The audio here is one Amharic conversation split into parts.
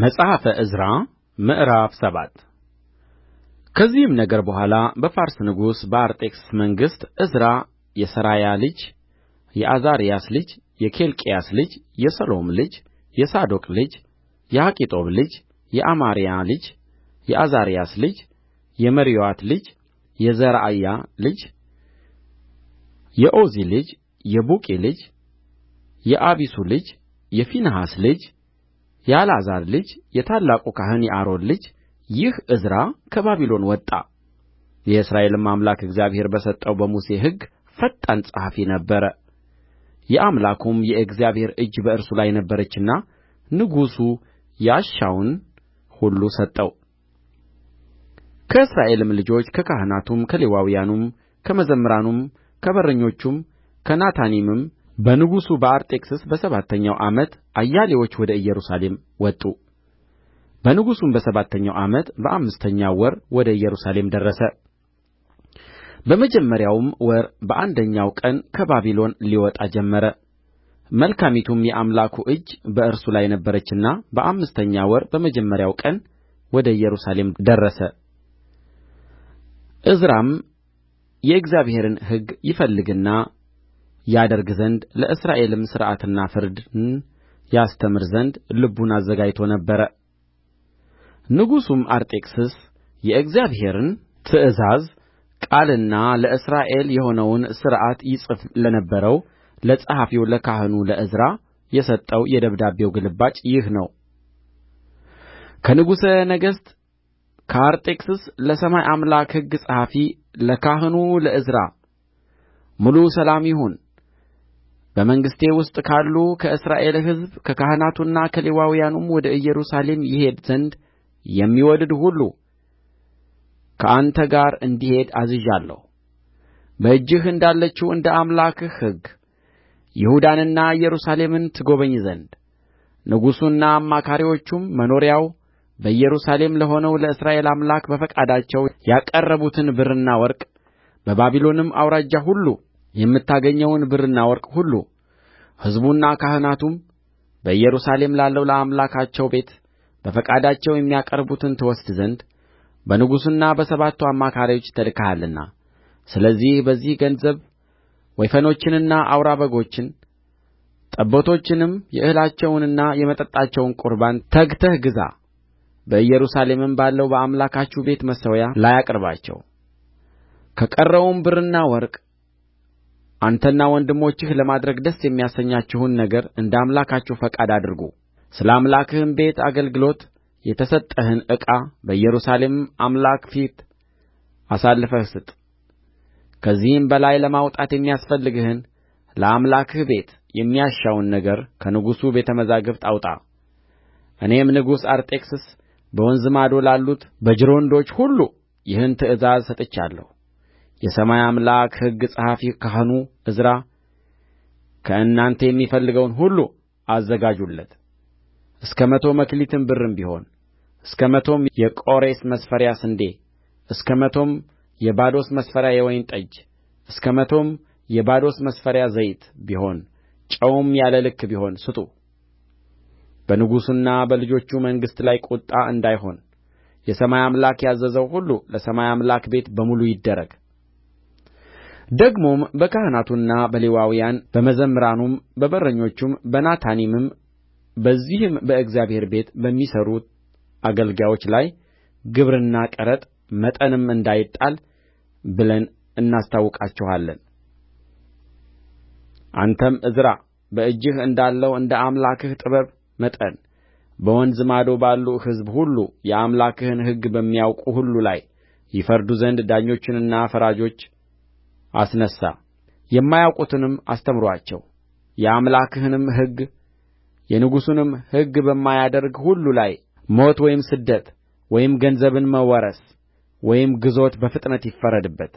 መጽሐፈ ዕዝራ ምዕራፍ ሰባት ከዚህም ነገር በኋላ በፋርስ ንጉሥ በአርጤክስስ መንግሥት ዕዝራ የሠራያ ልጅ የዓዛርያስ ልጅ የኬልቅያስ ልጅ የሰሎም ልጅ የሳዶቅ ልጅ የአኪጦብ ልጅ የአማርያ ልጅ የዓዛርያስ ልጅ የመራዮት ልጅ የዘራእያ ልጅ የኦዚ ልጅ የቡቂ ልጅ የአቢሱ ልጅ የፊንሐስ ልጅ የአልዓዛር ልጅ የታላቁ ካህን የአሮን ልጅ ይህ ዕዝራ ከባቢሎን ወጣ የእስራኤልም አምላክ እግዚአብሔር በሰጠው በሙሴ ሕግ ፈጣን ጸሐፊ ነበረ። የአምላኩም የእግዚአብሔር እጅ በእርሱ ላይ ነበረችና ንጉሡ ያሻውን ሁሉ ሰጠው። ከእስራኤልም ልጆች ከካህናቱም ከሌዋውያኑም ከመዘምራኑም ከበረኞቹም ከናታኒምም በንጉሡ በአርጤክስስ በሰባተኛው ዓመት አያሌዎች ወደ ኢየሩሳሌም ወጡ በንጉሡም በሰባተኛው ዓመት በአምስተኛው ወር ወደ ኢየሩሳሌም ደረሰ በመጀመሪያውም ወር በአንደኛው ቀን ከባቢሎን ሊወጣ ጀመረ መልካሚቱም የአምላኩ እጅ በእርሱ ላይ ነበረችና በአምስተኛ ወር በመጀመሪያው ቀን ወደ ኢየሩሳሌም ደረሰ ዕዝራም የእግዚአብሔርን ሕግ ይፈልግና ያደርግ ዘንድ ለእስራኤልም ሥርዓትንና ፍርድን ያስተምር ዘንድ ልቡን አዘጋጅቶ ነበር ንጉሡም አርጤክስስ የእግዚአብሔርን ትእዛዝ ቃልና ለእስራኤል የሆነውን ሥርዓት ይጽፍ ለነበረው ለጸሐፊው ለካህኑ ለዕዝራ የሰጠው የደብዳቤው ግልባጭ ይህ ነው። ከንጉሠ ነገሥት ከአርጤክስስ ለሰማይ አምላክ ሕግ ጸሐፊ ለካህኑ ለዕዝራ ሙሉ ሰላም ይሁን። በመንግሥቴ ውስጥ ካሉ ከእስራኤል ሕዝብ ከካህናቱና ከሌዋውያኑም ወደ ኢየሩሳሌም ይሄድ ዘንድ የሚወድድ ሁሉ ከአንተ ጋር እንዲሄድ አዝዣለሁ። በእጅህ እንዳለችው እንደ አምላክህ ሕግ ይሁዳንና ኢየሩሳሌምን ትጐበኝ ዘንድ ንጉሡና አማካሪዎቹም መኖሪያው በኢየሩሳሌም ለሆነው ለእስራኤል አምላክ በፈቃዳቸው ያቀረቡትን ብርና ወርቅ በባቢሎንም አውራጃ ሁሉ የምታገኘውን ብርና ወርቅ ሁሉ ሕዝቡና ካህናቱም በኢየሩሳሌም ላለው ለአምላካቸው ቤት በፈቃዳቸው የሚያቀርቡትን ትወስድ ዘንድ በንጉሡና በሰባቱ አማካሪዎች ተልከሃልና ስለዚህ በዚህ ገንዘብ ወይፈኖችንና አውራ በጎችን ጠቦቶችንም የእህላቸውንና የመጠጣቸውን ቍርባን ተግተህ ግዛ በኢየሩሳሌምም ባለው በአምላካችሁ ቤት መሠዊያ ላይ አቅርባቸው ከቀረውም ብርና ወርቅ አንተና ወንድሞችህ ለማድረግ ደስ የሚያሰኛችሁን ነገር እንደ አምላካችሁ ፈቃድ አድርጉ ስለ አምላክህም ቤት አገልግሎት የተሰጠህን ዕቃ በኢየሩሳሌም አምላክ ፊት አሳልፈህ ስጥ ከዚህም በላይ ለማውጣት የሚያስፈልግህን ለአምላክህ ቤት የሚያሻውን ነገር ከንጉሡ ቤተ መዛግብት አውጣ እኔም ንጉሡ አርጤክስስ በወንዝ ማዶ ላሉት በጅሮንዶች ሁሉ ይህን ትእዛዝ ሰጥቻለሁ የሰማይ አምላክ ሕግ ጸሐፊ ካህኑ ዕዝራ ከእናንተ የሚፈልገውን ሁሉ አዘጋጁለት እስከ መቶ መክሊትም ብርም ቢሆን እስከ መቶም የቆሬስ መስፈሪያ ስንዴ እስከ መቶም የባዶስ መስፈሪያ የወይን ጠጅ እስከ መቶም የባዶስ መስፈሪያ ዘይት ቢሆን ጨውም ያለ ልክ ቢሆን ስጡ። በንጉሡና በልጆቹ መንግሥት ላይ ቍጣ እንዳይሆን የሰማይ አምላክ ያዘዘው ሁሉ ለሰማይ አምላክ ቤት በሙሉ ይደረግ። ደግሞም በካህናቱና በሌዋውያን በመዘምራኑም በበረኞቹም በናታኒምም በዚህም በእግዚአብሔር ቤት በሚሠሩ አገልጋዮች ላይ ግብርና ቀረጥ መጠንም እንዳይጣል ብለን እናስታውቃችኋለን አንተም ዕዝራ በእጅህ እንዳለው እንደ አምላክህ ጥበብ መጠን በወንዝ ማዶ ባሉ ሕዝብ ሁሉ የአምላክህን ሕግ በሚያውቁ ሁሉ ላይ ይፈርዱ ዘንድ ዳኞችንና ፈራጆች አስነሣ የማያውቁትንም አስተምሩአቸው የአምላክህንም ሕግ የንጉሡንም ሕግ በማያደርግ ሁሉ ላይ ሞት ወይም ስደት ወይም ገንዘብን መወረስ ወይም ግዞት በፍጥነት ይፈረድበት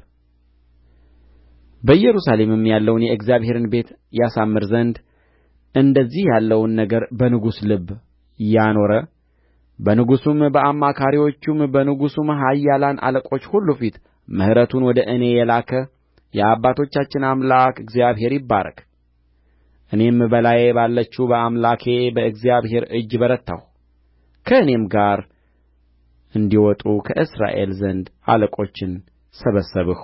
በኢየሩሳሌምም ያለውን የእግዚአብሔርን ቤት ያሳምር ዘንድ እንደዚህ ያለውን ነገር በንጉሡ ልብ ያኖረ በንጉሡም በአማካሪዎቹም በንጉሡም ኃያላን አለቆች ሁሉ ፊት ምሕረቱን ወደ እኔ የላከ የአባቶቻችን አምላክ እግዚአብሔር ይባረክ እኔም በላዬ ባለችው በአምላኬ በእግዚአብሔር እጅ በረታሁ ከእኔም ጋር እንዲወጡ ከእስራኤል ዘንድ አለቆችን ሰበሰብሁ